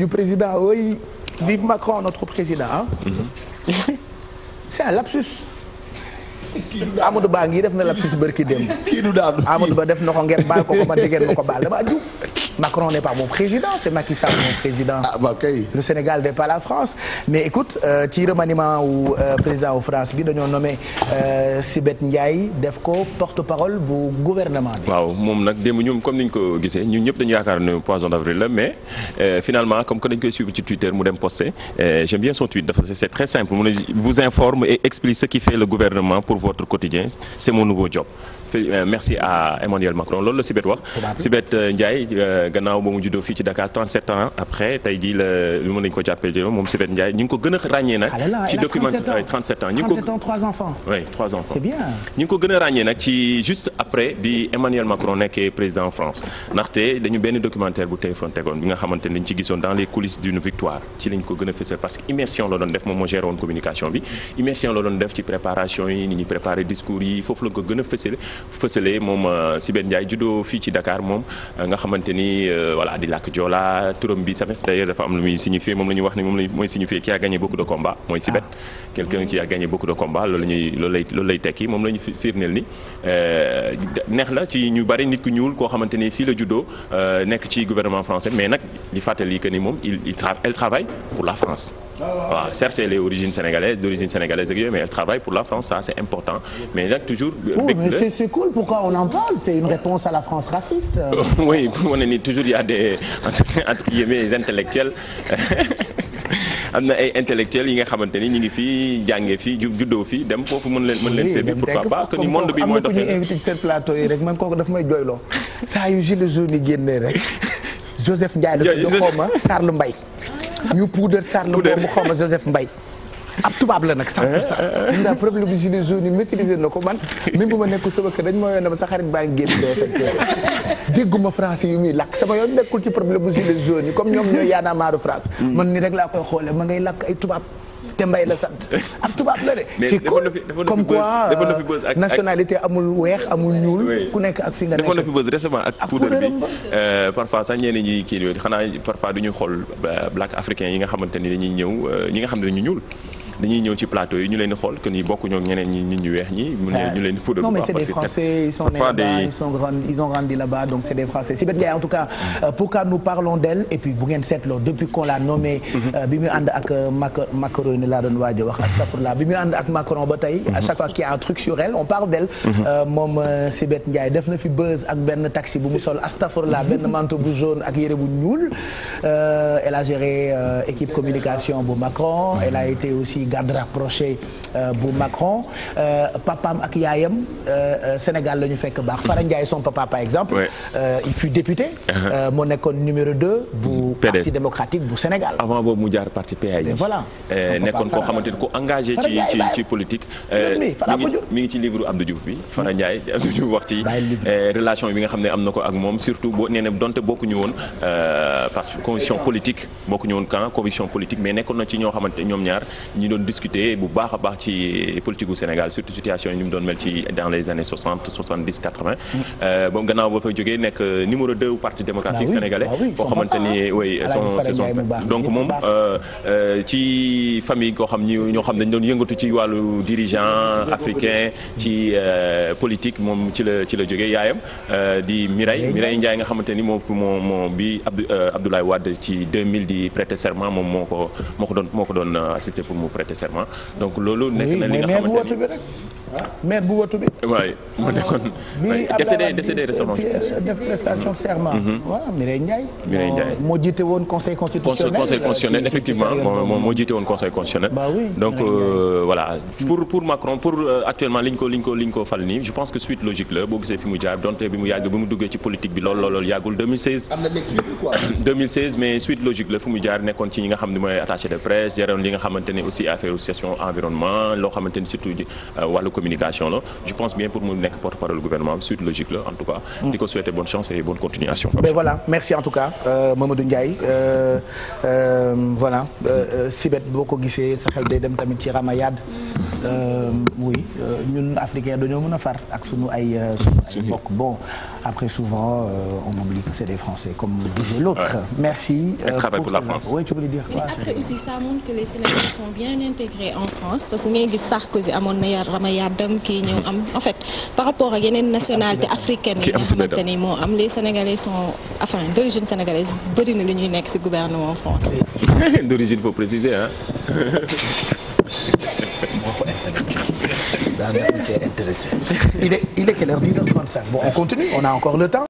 du président oui vive Macron notre président ah. c'est un lapsus. Amadou Ba ngi def na la bërki démb. kii du def na ko baal ko ko man di ma ko baal dama jub. Macron n'est pas mon président c'est Macky Sall mon président. Ah, le Sénégal n'est pas la France mais écoute euh, ci remaniement wu euh, président wu France bi dañoo nommé euh, Sibeth Ndiaye def ko porte-parole bu gouvernement bi. waaw mais finalement comme que dañ koy Twitter mu dem posté j'aime bien son tweet dafa c'est très simple mu ne vous informe et explique ce qui votre quotidien c'est mon nouveau job euh, merci à Emmanuel Macron loolu la Sibeth wax Sibeth euh, Ndiaye euh, gannaaw ba mu fii ci Dakar 37 ans après tey jii la lu mën nañu ko jàppee jëloon moom Sibeth Ndiaye ñu ngi ko gën ràññee nag ci juste après bi Emmanuel Macron nekkee président France ndaxte dañu benn documentaire bu téléphone tegoon bi nga xamante ni dañ ci gisoon dans les coulisses d'une victoire ci lañ ko gën a parce que immersion la def moom préparé discours yi foofu la ko gën a fësale fësale moom euh, Sibeth Ndiaye juddoo fii ci dakaar moom euh, nga xamante ni euh, voilà di làkk joola turam bi tamit d'ailleurs dafa am lu muy signifié moom la ñuy wax ni moom la mooy signifié qui a gagné beaucoup de combats mooy Sibeth ah. quelqu'un qui a gagné beaucoup de combats loolu la ñuy loolu lay loolu tekki moom la ñu firndeel ni neex la ci ñu bari nit ku ñuul koo xamante ni fii la juddoo nekk ci gouvernement français mais nag li fàttali que ni moom il il elle travaille la France waaw certes elle est origine sénégalaise d'origine sénégalaise ak yooyu mais elle travaille pour la France c'est important mais nag toujours. oui mais c'est c'est cool pourquoi on en parle c'est une réponse à la France raciste. oui pour wane ni toujours il y des intellectuels am na ay intellectuels yi nga xamante ni ñu ngi fii jàngee fii juddoo fii dem foofu mën leen mën leen seetlu pourquoi pas que ni monde mooy doxee am na ku rek man kooku daf may jooyloo saa yu gilets jaunes yi génnee rek Joseph Ndiaye la tudd xaw ma Sarlu ñu puudar Charles boobu xaw ma Joseph Mbaye ab tubaab la nag cent eh, eh, eh, pour problème bi gilet jaune yi maîtriser na ko man même bu ma nekkul sama kër dañ na ma sa xarit baa ngi génn doo fekk dégguma lakk sama yoon nekkul ci problème bu gilet jaune yi comme ñoom ñooy yaanamaaru France hmm. man ni rek laa koy xoole ma ngay lakk ay tubaab te mbay la sant ab tubaab la de. c'est comme quoi euh, nationalité amul weex amul ñuul. ku nekk ak fi nga nekk defoon na fi bës récemment ak. puudar bi euh, parfois sax ñeneen ñi kii xanaa parfois du ñu xool euh, black africain yi nga xamante ni dañuy ñëw ñi nga xam ne ñu ñuul. dañuy ñëw ci plateau yi ñu leen di xool que ni bokkuñoo ak ñeneen ñi nit ñu weex ñi. ñu leen di poudre euh, bu ils sont grandi ils ont grandi là-bas donc c'est des français Sibeth Ndiaye en tout cas mm-hmm. euh, pourquoi nous parlons d'elle et puis bu ngeen seetloo depuis qu'on l'a nommé. Mm-hmm. Euh, bi mu ak Macron ni laa a wax astafurlah bi mu ànd ak Macron ba à mm-hmm. chaque fois qu'il a un truc sur elle on parle d'elle. moom Sibeth Ndiaye def na fi buzz ak benn taxi bu mu sol astafurlah benn manteau bu jaune ak yére bu ñuul elle a géré équipe communication bu Macron garde rapproché euh, bu Macron euh, papam ak yaayam euh, Sénégal la ñu fekk baax Fara Ndiaye son papa par exemple ouais. il fut député uh-huh. moo nekkoon numéro 2 bu mm-hmm. parti démocratique bu Sénégal avant boobu mu jaar parti PAI voilà nekkoon koo xamante ni ku engagé ci ci ci politique mi ngi ci livre Abdou Diouf bi mm-hmm. Fara Ndiaye Abdou Diouf wax ci relation bi nga xam ne am na ko ak moom surtout boo nee na donte bokkuñu woon parce que conviction politique bokkuñu woon camp conviction politique mais nekkoon ci ñoo xamante ñoom doon discuter bu baax a baax ci politique gu Sénégal surtout situation yi ni mu doon mel ci dans les années 60 70 80. moom gannaaw ba fa jógee nekk euh, numéro 2 parti démocratique ah sénégalais. Ah boo xamante ni oui son son donc moom euh, euh, ci famille koo xam ñu ñoo xam dañu doon yëngatu ci wàllu dirigeant africain ci politique moom ci la ci la jógee yaayam di Mireille Mireille Ndiaye nga xamante ni moom moo moo bi Abdoulaye Wade ci 2000 di prêter serment moom moo ko moo ko doon moo ko doon assister pour mu prêter. prêter serment donc loolu nekk na li nga xamante ni maire bu watu bi. waay euh, mhm. moo nekkoon décédé décédé moo jiite woon conseil constitutionnel. effectivement moo jiite woon conseil constitutionnel. donc euh, voilà pour pour Macron pour euh, actuellement liñ ko liñ ko fal nii je pense que suite logique la boo gisee fi mu jaar donte bi mu yàgg bi mu duggee ci politique bi lool lool yàggul mais suite logique la fu mu jaar nekkoon ci ñi nga xam ne mooy attaché de presse jërewoon li nga xamante ne aussi affaire association environnement loo xamante ne surtout wàllu communication la je pense bien pour mu nekk porte-parole gouvernement suite logique la en tout cas. di ko souhaiter bonne chance et bonne continuation. mais voilà merci en tout cas euh, Mamadou Ndiaye euh, euh, voilà euh, Sibeth boo ko gisee sa xel day dem tamit ci Ramayad. Euh, oui euh, ñun africain dañoo mën a far ak sunu ay euh, su ay mbokk bon après souvent on oublie c'est des Français comme disait l'autre merci pour la France oui tu voulais après aussi ça montre que les Sénégalais sont bien intégrés en France parce que ngay gis Sarkozy amoon na yar rama kii ñëw am en fait par rapport ak yeneen nationalité africaine yi nga xamante ni moo am les Sénégalais sont enfin d'origine bëri na lu ñuy nekk ci gouvernement français d'origine faut préciser hein daa nekk intéressé il est il est quelle heure 10h35 bon on continue on a encore le temps.